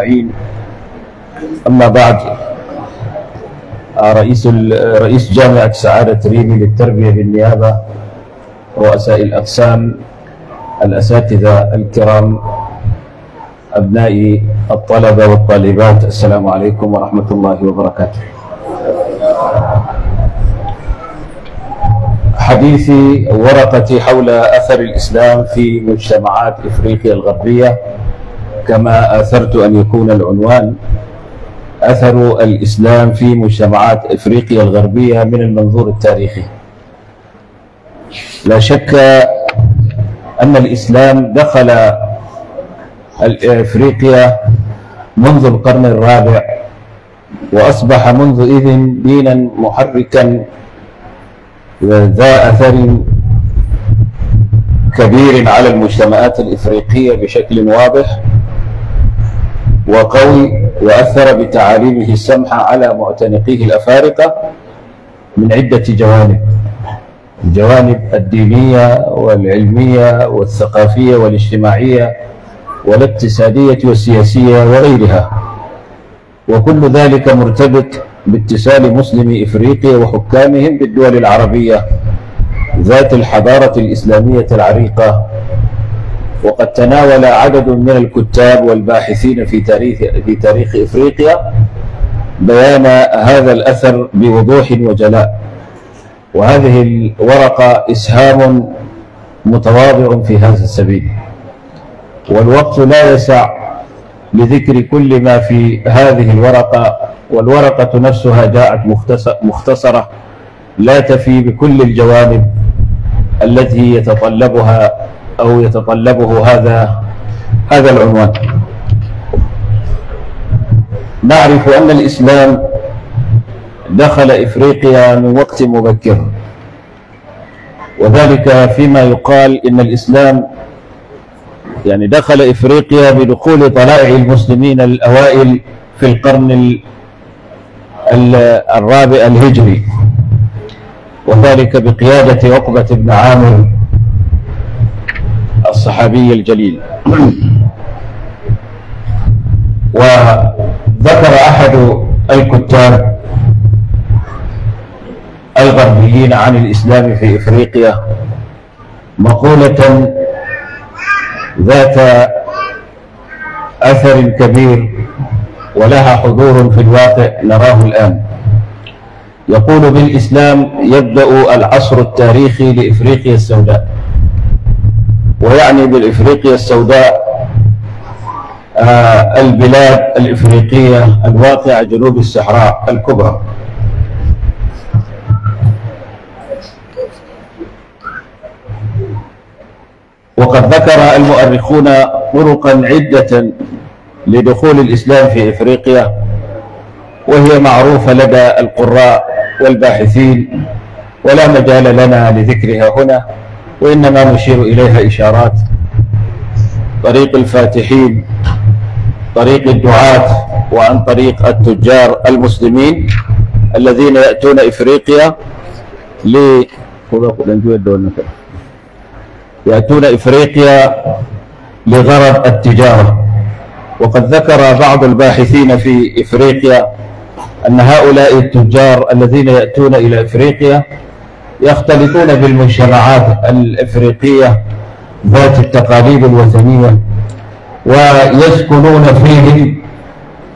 أجمعين أما بعد آه، رئيس رئيس جامعة سعادة ريمي للتربية بالنيابة رؤساء الأقسام الأساتذة الكرام أبنائي الطلبة والطالبات السلام عليكم ورحمة الله وبركاته حديثي ورقتي حول أثر الإسلام في مجتمعات إفريقيا الغربية كما آثرت أن يكون العنوان أثر الإسلام في مجتمعات إفريقيا الغربية من المنظور التاريخي لا شك أن الإسلام دخل إفريقيا منذ القرن الرابع وأصبح منذ إذن دينا محركا ذا أثر كبير على المجتمعات الإفريقية بشكل واضح وقوي وأثر بتعاليمه السمحة على معتنقيه الأفارقة من عدة جوانب الجوانب الدينية والعلمية والثقافية والاجتماعية والاقتصادية والسياسية وغيرها وكل ذلك مرتبط باتصال مسلمي إفريقيا وحكامهم بالدول العربية ذات الحضارة الإسلامية العريقة وقد تناول عدد من الكتاب والباحثين في تاريخ في تاريخ افريقيا بيان هذا الاثر بوضوح وجلاء وهذه الورقه اسهام متواضع في هذا السبيل والوقت لا يسع لذكر كل ما في هذه الورقه والورقه نفسها جاءت مختصره لا تفي بكل الجوانب التي يتطلبها أو يتطلبه هذا هذا العنوان نعرف أن الإسلام دخل إفريقيا من وقت مبكر وذلك فيما يقال إن الإسلام يعني دخل إفريقيا بدخول طلائع المسلمين الأوائل في القرن الرابع الهجري وذلك بقيادة عقبة بن عامر الصحابي الجليل وذكر أحد الكتاب الغربيين عن الإسلام في إفريقيا مقولة ذات أثر كبير ولها حضور في الواقع نراه الآن يقول بالإسلام يبدأ العصر التاريخي لإفريقيا السوداء ويعني بالإفريقيا السوداء آه، البلاد الإفريقية الواقعة جنوب الصحراء الكبرى وقد ذكر المؤرخون طرقا عدة لدخول الإسلام في إفريقيا وهي معروفة لدى القراء والباحثين ولا مجال لنا لذكرها هنا وإنما نشير إليها إشارات طريق الفاتحين طريق الدعاة وعن طريق التجار المسلمين الذين يأتون إفريقيا ل يأتون إفريقيا لغرض التجارة وقد ذكر بعض الباحثين في إفريقيا أن هؤلاء التجار الذين يأتون إلى إفريقيا يختلطون بالمجتمعات الإفريقية ذات التقاليد الوثنية ويسكنون فيهم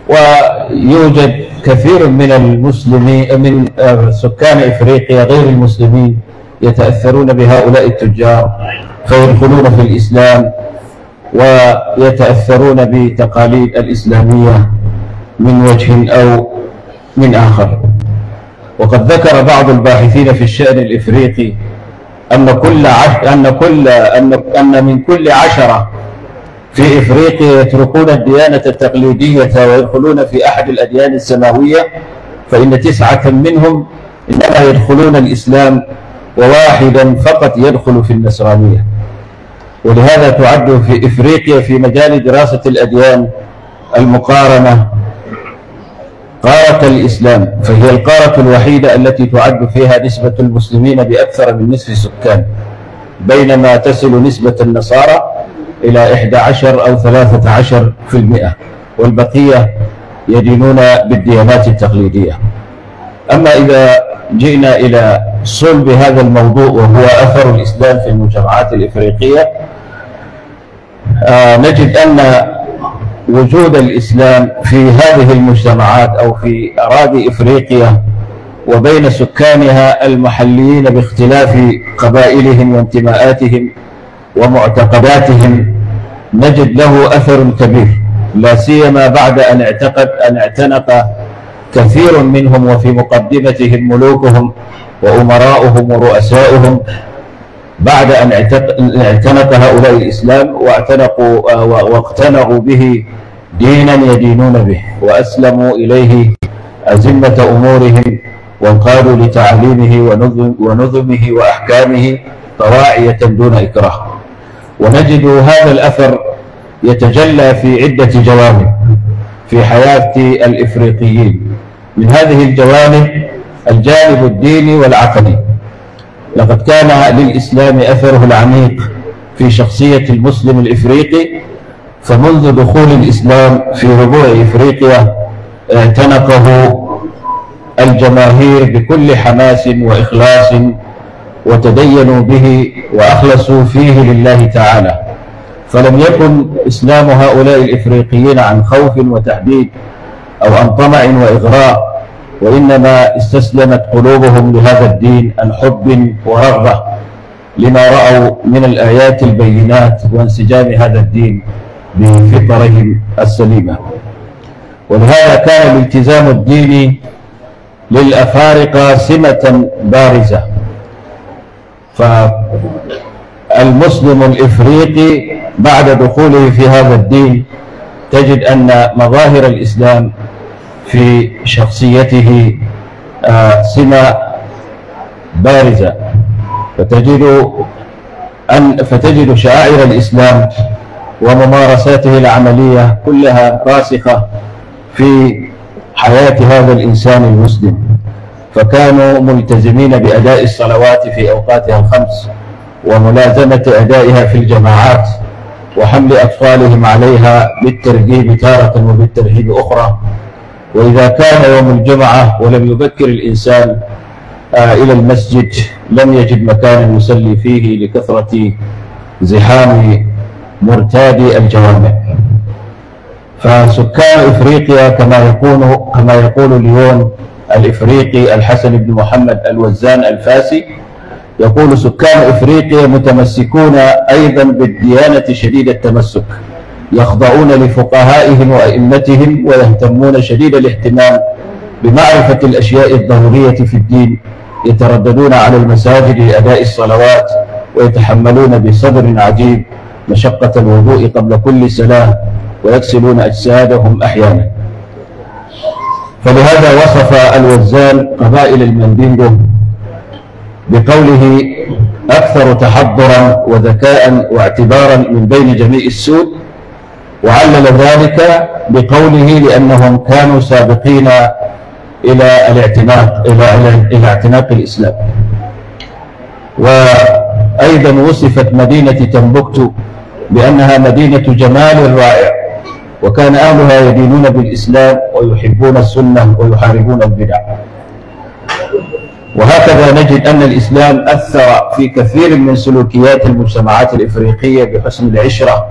ويوجد كثير من المسلمين من سكان إفريقيا غير المسلمين يتأثرون بهؤلاء التجار فيدخلون في الإسلام ويتأثرون بتقاليد الإسلامية من وجه أو من آخر وقد ذكر بعض الباحثين في الشأن الإفريقي أن كل عش... أن كل أن أن من كل عشرة في إفريقيا يتركون الديانة التقليدية ويدخلون في أحد الأديان السماوية فإن تسعة منهم إنما يدخلون الإسلام وواحدا فقط يدخل في النصرانية ولهذا تعد في إفريقيا في مجال دراسة الأديان المقارنة قارة الإسلام فهي القارة الوحيدة التي تعد فيها نسبة المسلمين بأكثر من نصف سكان بينما تصل نسبة النصارى إلى 11 أو 13 في المئة والبقية يدينون بالديانات التقليدية أما إذا جئنا إلى صلب هذا الموضوع وهو أثر الإسلام في المجتمعات الإفريقية آه نجد أن وجود الإسلام في هذه المجتمعات أو في أراضي إفريقيا وبين سكانها المحليين باختلاف قبائلهم وانتماءاتهم ومعتقداتهم نجد له أثر كبير لا سيما بعد أن اعتقد أن اعتنق كثير منهم وفي مقدمتهم ملوكهم وأمراؤهم ورؤساؤهم بعد أن اعتنق هؤلاء الإسلام واعتنقوا آه، واقتنعوا به دينا يدينون به وأسلموا إليه أزمة أمورهم وانقادوا لتعليمه ونظمه وأحكامه طواعية دون إكراه ونجد هذا الأثر يتجلى في عدة جوانب في حياة الإفريقيين من هذه الجوانب الجانب الديني والعقلي لقد كان للإسلام أثره العميق في شخصية المسلم الإفريقي فمنذ دخول الإسلام في ربوع إفريقيا آه، اعتنقه الجماهير بكل حماس وإخلاص وتدينوا به وأخلصوا فيه لله تعالى فلم يكن إسلام هؤلاء الإفريقيين عن خوف وتهديد أو عن طمع وإغراء وإنما استسلمت قلوبهم لهذا الدين عن حب ورغبة لما رأوا من الآيات البينات وانسجام هذا الدين بفطرهم السليمة ولهذا كان الالتزام الديني للأفارقة سمة بارزة فالمسلم الإفريقي بعد دخوله في هذا الدين تجد أن مظاهر الإسلام في شخصيته آه، سمة بارزة فتجد أن فتجد شعائر الإسلام وممارساته العملية كلها راسخة في حياة هذا الإنسان المسلم فكانوا ملتزمين بأداء الصلوات في أوقاتها الخمس وملازمة أدائها في الجماعات وحمل أطفالهم عليها بالترغيب تارة وبالترهيب أخرى وإذا كان يوم الجمعة ولم يبكر الإنسان آه، إلى المسجد لم يجد مكان يصلي فيه لكثرة زحام مرتادي الجوامع فسكان إفريقيا كما يقول كما يقول ليون الإفريقي الحسن بن محمد الوزان الفاسي يقول سكان إفريقيا متمسكون أيضا بالديانة شديد التمسك يخضعون لفقهائهم وأئمتهم ويهتمون شديد الاهتمام بمعرفة الأشياء الضرورية في الدين يترددون على المساجد لأداء الصلوات ويتحملون بصبر عجيب مشقة الوضوء قبل كل سلام ويغسلون أجسادهم أحيانا فلهذا وصف الوزان قبائل المندينجو بقوله أكثر تحضرا وذكاء واعتبارا من بين جميع السود وعلل ذلك بقوله لأنهم كانوا سابقين إلى الاعتناق إلى إلى اعتناق الإسلام وأيضا وصفت مدينة تنبكتو بأنها مدينة جمال رائع وكان أهلها يدينون بالإسلام ويحبون السنة ويحاربون البدع وهكذا نجد أن الإسلام أثر في كثير من سلوكيات المجتمعات الإفريقية بحسن العشرة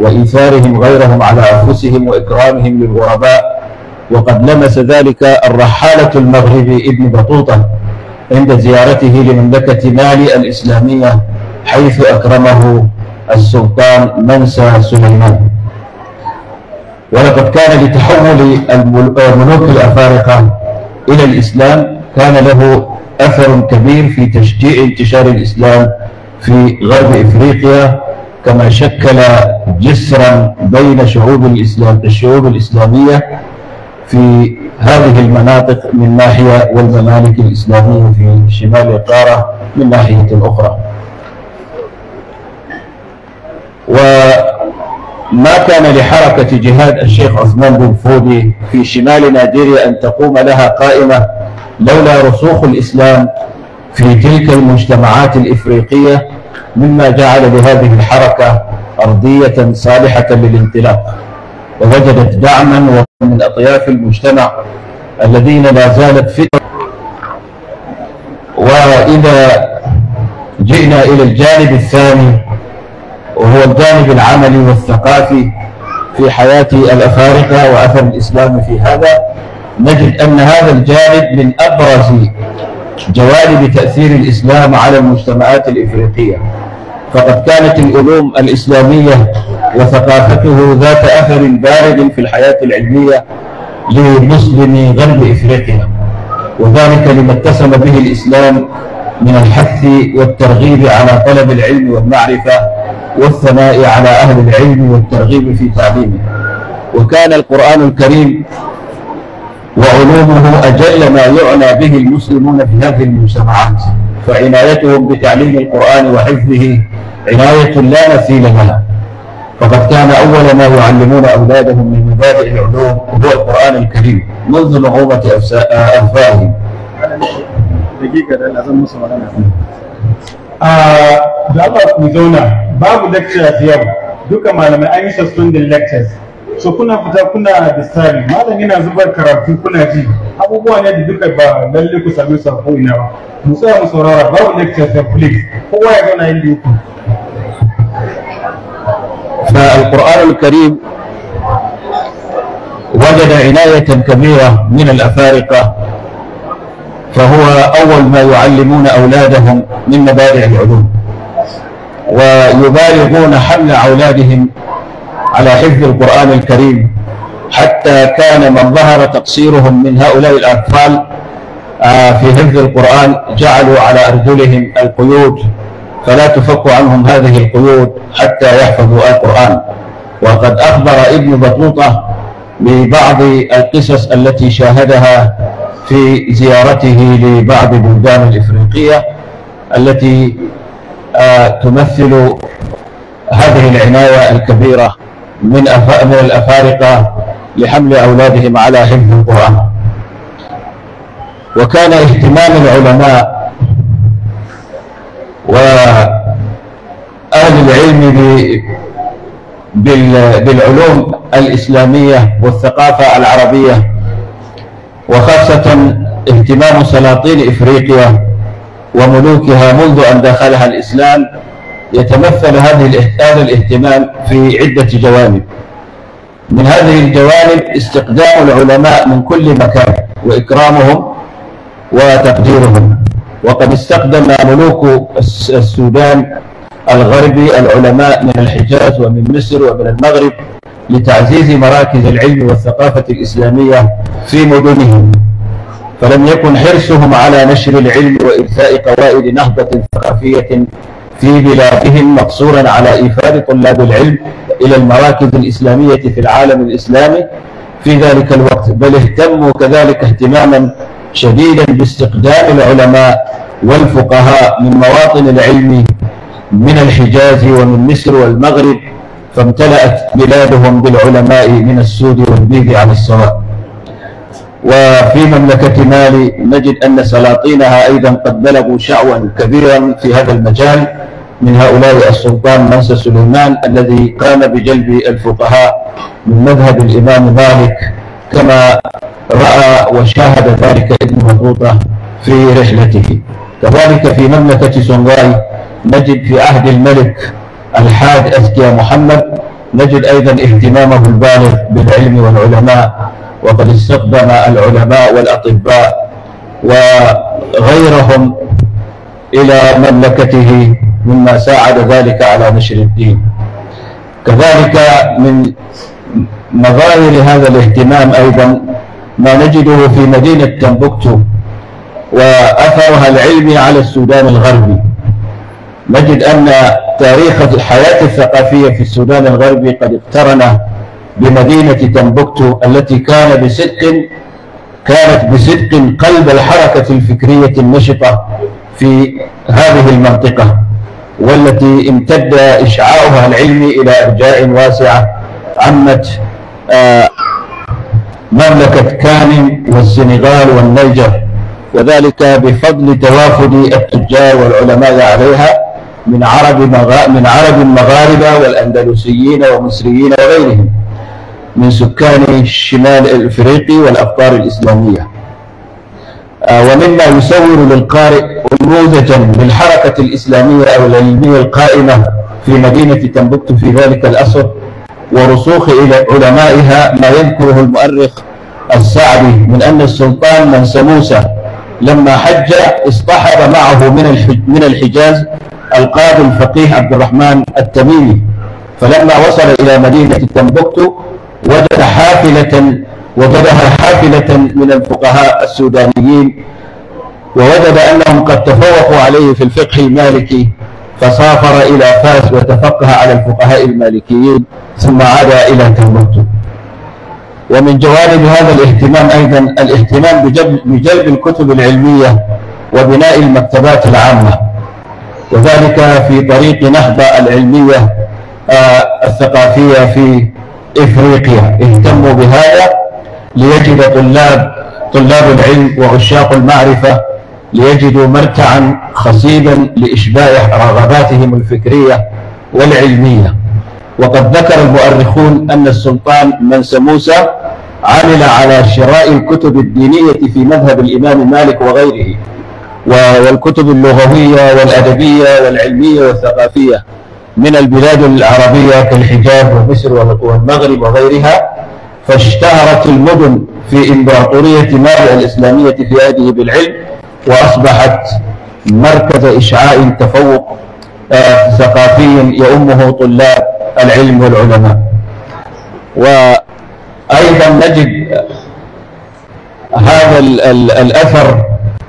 وإيثارهم غيرهم على أنفسهم وإكرامهم للغرباء وقد لمس ذلك الرحالة المغربي ابن بطوطة عند زيارته لمملكة مالي الإسلامية حيث أكرمه السلطان منسى سليمان ولقد كان لتحول الملوك الأفارقة إلى الإسلام كان له أثر كبير في تشجيع انتشار الإسلام في غرب إفريقيا كما شكل جسرا بين شعوب الإسلام الشعوب الإسلامية في هذه المناطق من ناحية والممالك الإسلامية في شمال القارة من ناحية أخرى وما كان لحركة جهاد الشيخ عثمان بن فودي في شمال نيجيريا أن تقوم لها قائمة لولا رسوخ الإسلام في تلك المجتمعات الإفريقية مما جعل لهذه الحركة أرضية صالحة للانطلاق ووجدت دعما من أطياف المجتمع الذين لا زالت فترة وإذا جئنا إلى الجانب الثاني وهو الجانب العملي والثقافي في حياة الأفارقة وأثر الإسلام في هذا نجد أن هذا الجانب من أبرز جوانب تأثير الإسلام على المجتمعات الإفريقية فقد كانت العلوم الإسلامية وثقافته ذات أثر بارد في الحياة العلمية لمسلمي غرب إفريقيا وذلك لما اتسم به الإسلام من الحث والترغيب على طلب العلم والمعرفة والثناء على أهل العلم والترغيب في تعليمه وكان القرآن الكريم وعلومه أجل ما يعنى به المسلمون في هذه المجتمعات فعنايتهم بتعليم القرآن وحفظه عناية لا مثيل لها فقد كان أول ما يعلمون أولادهم من مبادئ العلوم هو القرآن الكريم منذ نعومة أنفائهم دقيقة ده لازم مصر da Allah ku zauna babu lectures yau duka malamai an yi suspended lectures so kuna fita kuna distari malam ina zubar karatu kuna ji abubuwa ne da duka ba lalle ku same su a ko'ina ba mu tsaya mu saurara babu lecture da please kowa ya zauna inda yake فالقرآن الكريم وجد عناية كبيرة من الأفارقة فهو أول ما يعلمون أولادهم من مبادئ العلوم ويبالغون حمل أولادهم على حفظ القرآن الكريم حتى كان من ظهر تقصيرهم من هؤلاء الأطفال آه، في حفظ القرآن جعلوا على أرجلهم القيود فلا تفك عنهم هذه القيود حتى يحفظوا القرآن وقد أخبر ابن بطوطة ببعض القصص التي شاهدها في زيارته لبعض بلدان الإفريقية التي آه، تمثل هذه العناية الكبيرة من من الأفارقة لحمل أولادهم على حفظ القرآن وكان اهتمام العلماء وأهل العلم بالعلوم الإسلامية والثقافة العربية وخاصة اهتمام سلاطين إفريقيا وملوكها منذ أن دخلها الإسلام يتمثل هذه هذا الاهتمام في عدة جوانب من هذه الجوانب استقدام العلماء من كل مكان وإكرامهم وتقديرهم وقد استقدم ملوك السودان الغربي العلماء من الحجاز ومن مصر ومن المغرب لتعزيز مراكز العلم والثقافة الإسلامية في مدنهم فلم يكن حرصهم على نشر العلم وإرساء قواعد نهضة ثقافية في بلادهم مقصورا على إيفاد طلاب العلم إلى المراكز الإسلامية في العالم الإسلامي في ذلك الوقت بل اهتموا كذلك اهتماما شديدا باستقدام العلماء والفقهاء من مواطن العلم من الحجاز ومن مصر والمغرب فامتلأت بلادهم بالعلماء من السود والبيض على السواء وفي مملكة مالي نجد أن سلاطينها أيضا قد بلغوا شعوا كبيرا في هذا المجال من هؤلاء السلطان منسى سليمان الذي قام بجلب الفقهاء من مذهب الإمام مالك كما رأى وشاهد ذلك ابن بطوطة في رحلته كذلك في مملكة سنغاي نجد في عهد الملك الحاج أزكي محمد نجد أيضا اهتمامه البالغ بالعلم والعلماء وقد استخدم العلماء والأطباء وغيرهم إلى مملكته مما ساعد ذلك على نشر الدين كذلك من مظاهر هذا الاهتمام أيضا ما نجده في مدينة تنبكتو وأثرها العلمي على السودان الغربي نجد أن تاريخ الحياة الثقافية في السودان الغربي قد اقترن بمدينة تنبكتو التي كان بصدق كانت بصدق قلب الحركة الفكرية النشطة في هذه المنطقة والتي امتد إشعاعها العلمي إلى أرجاء واسعة عمت آه، مملكة كان والسنغال والنيجر وذلك بفضل توافد التجار والعلماء عليها من عرب من عرب المغاربة والأندلسيين ومصريين وغيرهم من سكان الشمال الافريقي والافكار الاسلاميه آه، ومما يصور للقارئ نموذجا للحركه الاسلاميه او العلميه القائمه في مدينه تنبكتو في ذلك العصر ورسوخ الى علمائها ما يذكره المؤرخ السعدي من ان السلطان من موسى لما حج اصطحب معه من من الحجاز القاضي الفقيه عبد الرحمن التميمي فلما وصل الى مدينه تنبكتو وجد حافلة وجدها حافلة من الفقهاء السودانيين ووجد أنهم قد تفوقوا عليه في الفقه المالكي فسافر إلى فاس وتفقه على الفقهاء المالكيين ثم عاد إلى تنبكتو ومن جوانب هذا الاهتمام أيضا الاهتمام بجلب الكتب العلمية وبناء المكتبات العامة وذلك في طريق نهضة العلمية آه، الثقافية في إفريقيا اهتموا بهذا ليجد طلاب طلاب العلم وعشاق المعرفة ليجدوا مرتعا خصيبا لإشباع رغباتهم الفكرية والعلمية وقد ذكر المؤرخون أن السلطان منس موسى عمل على شراء الكتب الدينية في مذهب الإمام مالك وغيره والكتب اللغوية والأدبية والعلمية والثقافية من البلاد العربية كالحجاز ومصر والمغرب وغيرها فاشتهرت المدن في إمبراطورية ماريا الإسلامية في هذه بالعلم وأصبحت مركز إشعاع تفوق آه، ثقافي يؤمه طلاب العلم والعلماء وأيضا نجد هذا الأثر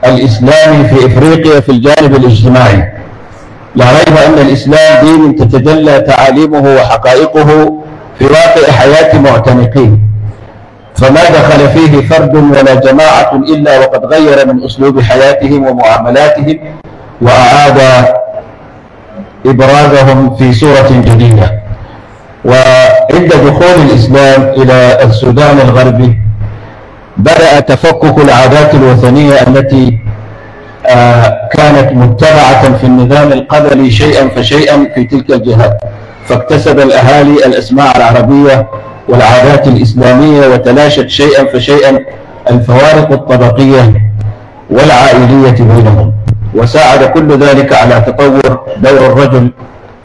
الإسلامي في إفريقيا في الجانب الاجتماعي لا ريب أن الإسلام دين تتجلى تعاليمه وحقائقه في واقع حياة معتنقيه فما دخل فيه فرد ولا جماعة إلا وقد غير من أسلوب حياتهم ومعاملاتهم وأعاد إبرازهم في صورة جديدة وعند دخول الإسلام إلى السودان الغربي بدأ تفكك العادات الوثنية التي آه، كانت متبعة في النظام القبلي شيئا فشيئا في تلك الجهات فاكتسب الأهالي الأسماع العربية والعادات الإسلامية وتلاشت شيئا فشيئا الفوارق الطبقية والعائلية بينهم وساعد كل ذلك على تطور دور الرجل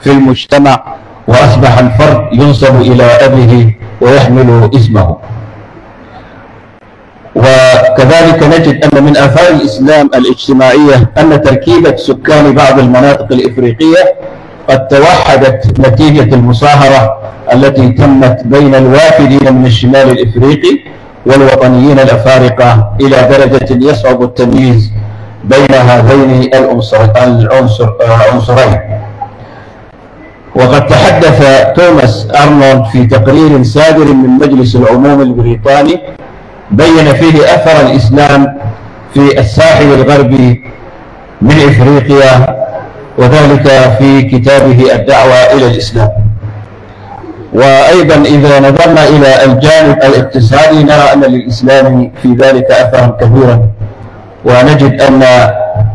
في المجتمع وأصبح الفرد ينسب إلى أبيه ويحمل اسمه وكذلك نجد أن من آثار الإسلام الاجتماعية أن تركيبة سكان بعض المناطق الإفريقية قد توحدت نتيجة المصاهرة التي تمت بين الوافدين من الشمال الإفريقي والوطنيين الأفارقة إلى درجة يصعب التمييز بين هذين العنصرين وقد تحدث توماس أرنولد في تقرير صادر من مجلس العموم البريطاني بين فيه أثر الإسلام في الساحل الغربي من إفريقيا وذلك في كتابه الدعوة إلى الإسلام وأيضا إذا نظرنا إلى الجانب الاقتصادي نرى أن للإسلام في ذلك أثرا كبيرا ونجد أن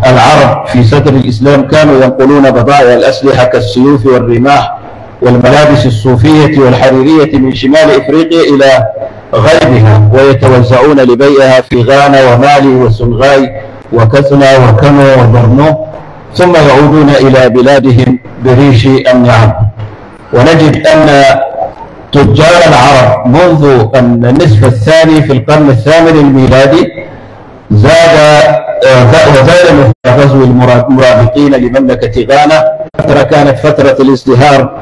العرب في صدر الإسلام كانوا ينقلون بضائع الأسلحة كالسيوف والرماح والملابس الصوفية والحريرية من شمال إفريقيا إلى غيرها ويتوزعون لبيعها في غانا ومالي وسنغاي وكسنا وكنو وبرنو ثم يعودون إلى بلادهم بريش النعم ونجد أن تجار العرب منذ النصف الثاني في القرن الثامن الميلادي زاد آه، وزاد غزو المرابطين لمملكة غانا فترة كانت فترة الازدهار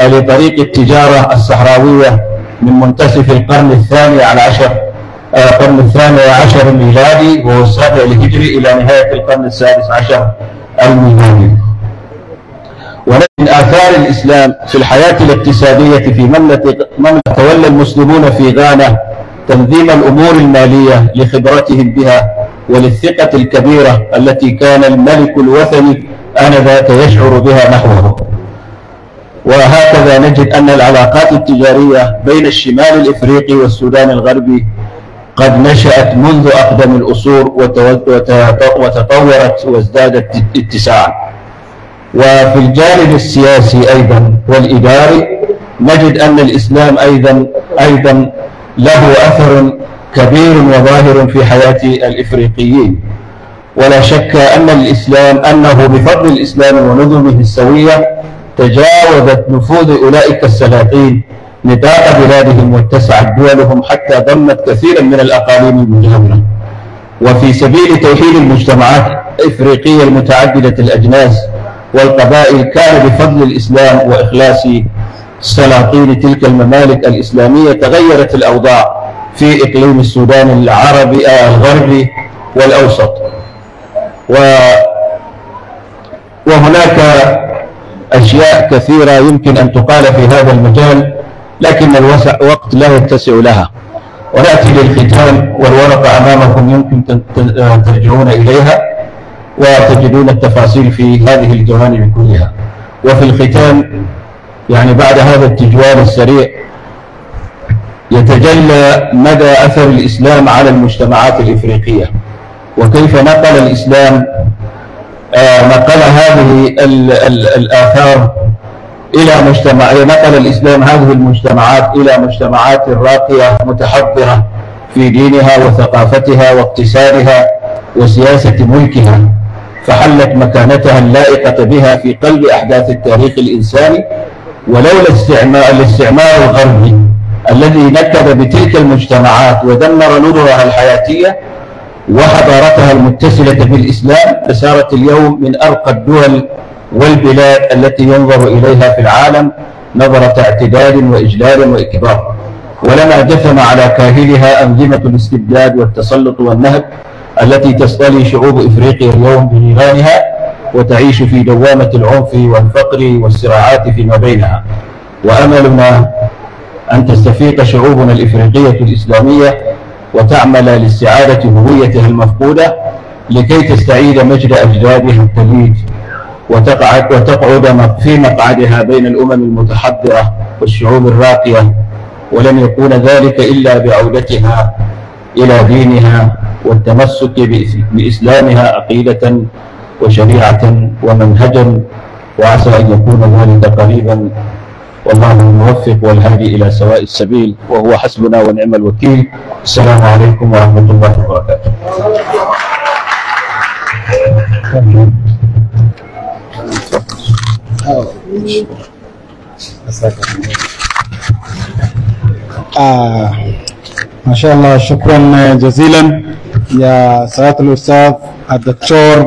لطريق التجارة الصحراوية من منتصف القرن الثاني على عشر آه، القرن الثاني عشر الميلادي وهو السابع الهجري إلى نهاية القرن السادس عشر الميلادي ومن آثار الإسلام في الحياة الاقتصادية في مملكة تولى المسلمون في غانا تنظيم الأمور المالية لخبرتهم بها وللثقة الكبيرة التي كان الملك الوثني آنذاك يشعر بها نحوه وهكذا نجد أن العلاقات التجارية بين الشمال الإفريقي والسودان الغربي قد نشأت منذ أقدم الأصول وتطورت وازدادت اتساعا وفي الجانب السياسي أيضا والإداري نجد أن الإسلام أيضا أيضا له أثر كبير وظاهر في حياة الإفريقيين ولا شك أن الإسلام أنه بفضل الإسلام ونظمه السوية تجاوزت نفوذ أولئك السلاطين نطاق بلادهم واتسعت دولهم حتى ضمت كثيرا من الأقاليم المجاورة وفي سبيل توحيد المجتمعات الإفريقية المتعددة الأجناس والقبائل كان بفضل الإسلام وإخلاص سلاطين تلك الممالك الإسلامية تغيرت الأوضاع في إقليم السودان العربي الغربي والأوسط و وهناك أشياء كثيرة يمكن أن تقال في هذا المجال لكن الوقت لا يتسع لها ونأتي للختام والورقة أمامكم يمكن أن آه، ترجعون إليها وتجدون التفاصيل في هذه الجوانب كلها وفي الختام يعني بعد هذا التجوال السريع يتجلى مدى أثر الإسلام على المجتمعات الإفريقية وكيف نقل الإسلام آه، نقل هذه الآثار إلى مجتمع نقل الإسلام هذه المجتمعات إلى مجتمعات راقية متحضرة في دينها وثقافتها واقتصادها وسياسة ملكها فحلت مكانتها اللائقة بها في قلب أحداث التاريخ الإنساني ولولا استعمار الاستعمار الغربي الذي نكب بتلك المجتمعات ودمر نورها الحياتية وحضارتها المتسلة في الإسلام فصارت اليوم من أرقى الدول والبلاد التي ينظر إليها في العالم نظرة اعتدال وإجلال وإكبار ولما جثم على كاهلها أنظمة الاستبداد والتسلط والنهب التي تصطلي شعوب إفريقيا اليوم بنيرانها وتعيش في دوامة العنف والفقر والصراعات فيما بينها وأملنا أن تستفيق شعوبنا الإفريقية الإسلامية وتعمل لاستعادة هويتها المفقودة لكي تستعيد مجد أجدادها التليد وتقعد وتقعد في مقعدها بين الأمم المتحضرة والشعوب الراقية ولن يكون ذلك إلا بعودتها إلى دينها والتمسك بإسلامها عقيدة وشريعة ومنهجا وعسى أن يكون ذلك قريبا والله الموفق والهادي إلى سواء السبيل وهو حسبنا ونعم الوكيل السلام عليكم ورحمة الله وبركاته آه، ما شاء الله شكرا جزيلا يا سعادة الأستاذ الدكتور